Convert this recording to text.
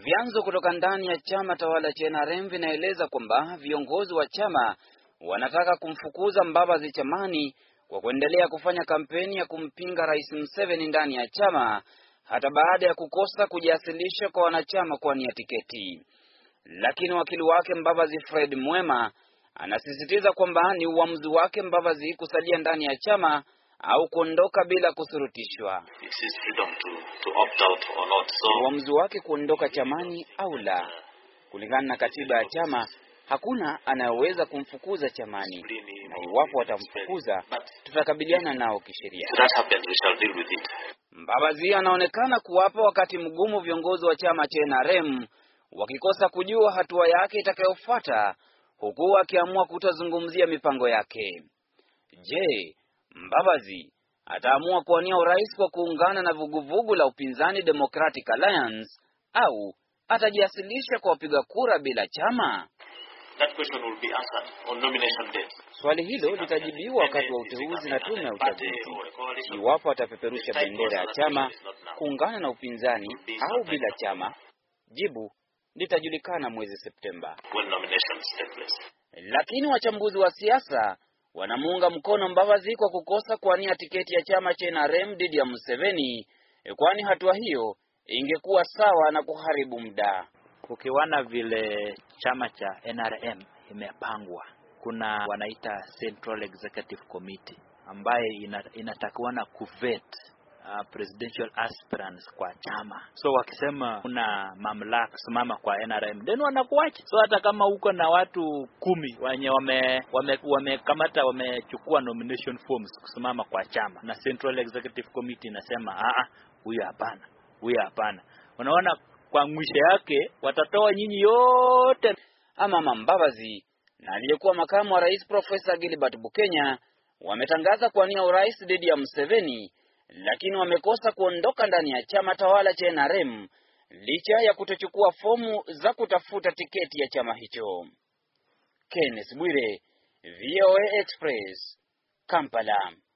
Vyanzo kutoka ndani ya chama tawala cha NRM vinaeleza kwamba viongozi wa chama wanataka kumfukuza Mbabazi chamani kwa kuendelea kufanya kampeni ya kumpinga Rais Museveni ndani ya chama hata baada ya kukosa kujiasilisha kwa wanachama kwa nia tiketi. Lakini wakili wake Mbabazi Fred Mwema anasisitiza kwamba ni uamuzi wake Mbabazi kusalia ndani ya chama au kuondoka bila kusurutishwa. Uamuzi so, wake kuondoka chamani au la. Kulingana na katiba ya chama, hakuna anayeweza kumfukuza chamani, na iwapo watamfukuza, tutakabiliana nao kisheria. Mbabazi anaonekana kuwapa wakati mgumu viongozi wa chama cha NRM wakikosa kujua hatua yake itakayofuata, huku akiamua kutozungumzia mipango yake. Je, Mbabazi ataamua kuwania urais kwa kuungana na vuguvugu la upinzani Democratic Alliance au atajiasilisha kwa wapiga kura bila chama? That question will be answered on nomination day. Swali hilo litajibiwa wakati wa uteuzi na tume ya uchaguzi, iwapo atapeperusha bendera ya chama, kuungana na upinzani au bila chama. Jibu litajulikana mwezi Septemba. Lakini wachambuzi wa siasa wanamuunga mkono Mbavazi kwa kukosa kuania tiketi ya chama cha NRM dhidi ya Museveni, e, kwani hatua hiyo ingekuwa sawa na kuharibu muda. Ukiwana vile chama cha NRM imepangwa, kuna wanaita Central Executive Committee ambaye inatakiwa na kuvet uh, presidential aspirants kwa chama, so wakisema una mamlaka kusimama kwa NRM then wanakuacha. So hata kama uko na watu kumi wenye wamekamata wame, wame wamechukua nomination forms kusimama kwa chama, na Central Executive Committee inasema a, ah, ah, huyo hapana, huyu hapana, unaona kwa mwisho yake watatoa nyinyi yote. Amama Mbabazi na aliyekuwa makamu wa rais Profesa Gilbert Bukenya wametangaza kuwania urais dhidi ya Museveni lakini wamekosa kuondoka ndani ya chama tawala cha NRM licha ya kutochukua fomu za kutafuta tiketi ya chama hicho. Kenneth Bwire, VOA Express, Kampala.